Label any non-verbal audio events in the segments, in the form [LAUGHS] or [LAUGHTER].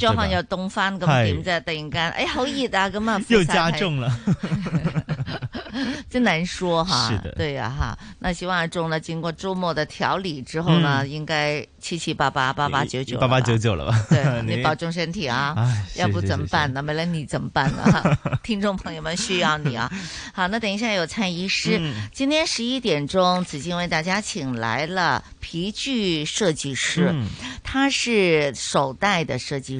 再看又凍翻咁點啫，突然間，哎，好熱啊咁啊， [LAUGHS] 又加重了， [LAUGHS] [LAUGHS] 真難說嚇、啊。是的，對啊哈。那希望阿忠呢，經過周末的調理之後呢，嗯、應該七七八八、八八九九、八八九九了吧？ [LAUGHS] 你對你保重身體啊，要不怎麼辦呢，是是是是？沒了你怎麼辦呢？哈， [LAUGHS] 聽眾朋友們需要你啊。好，那等一下有蔡醫師，嗯、今天十一點鐘，紫金為大家請來了皮具設計師他、嗯、是手袋的設計。嗯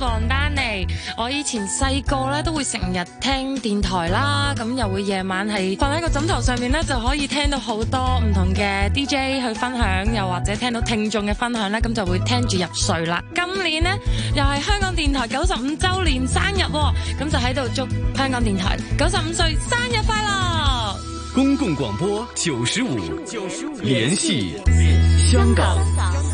王丹妮，我以前細個咧，都會成日聽電台啦，咁又會夜晚係瞓喺個枕頭上面咧，就可以聽到好多唔同嘅 DJ 去分享，又或者聽到聽眾嘅分享咧，咁就會聽住入睡啦。今年咧又係香港電台九十五周年生日，咁就喺度祝香港電台九十五歲生日快樂！公共廣播九十五，聯繫香港。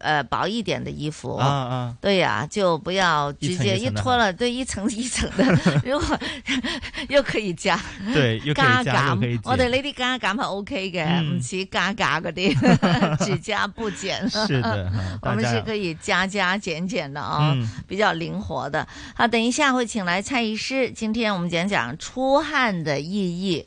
呃，薄一點的衣服，啊啊，對呀、啊，就不要直接一脱了一層一層，對，一層一層的，如果 [LAUGHS] [LAUGHS] 又可以加，嘎 [LAUGHS] 嘎 [LAUGHS] 以， [LAUGHS] 我哋呢啲嘎嘎嘛。OK、嗯、嘅，唔似加減嗰啲只加不減。是的， [LAUGHS] 我們是可以加加減減的啊、哦嗯，比較靈活的。好、啊，等一下會請來蔡醫師，今天我們講講出汗的意義。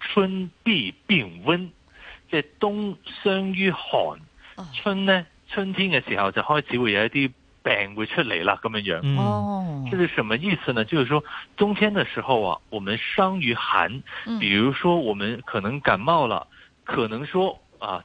春必病温，即冬傷於寒。春呢春天嘅時候就開始會有一啲病會出嚟啦，咁樣樣。哦、嗯，這是什麼意思呢？就是說冬天嘅時候啊，我們傷於寒，比如說我們可能感冒了，可能說啊。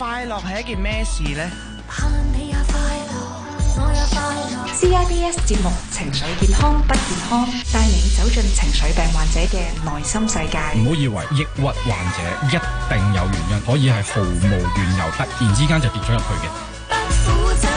快樂係一件咩事呢？CIBS 節目情緒健康不健康，帶你走進情緒病患者嘅內心世界。唔好以為抑鬱患者一定有原因，可以係毫無緣由，突然之間就跌咗入去嘅。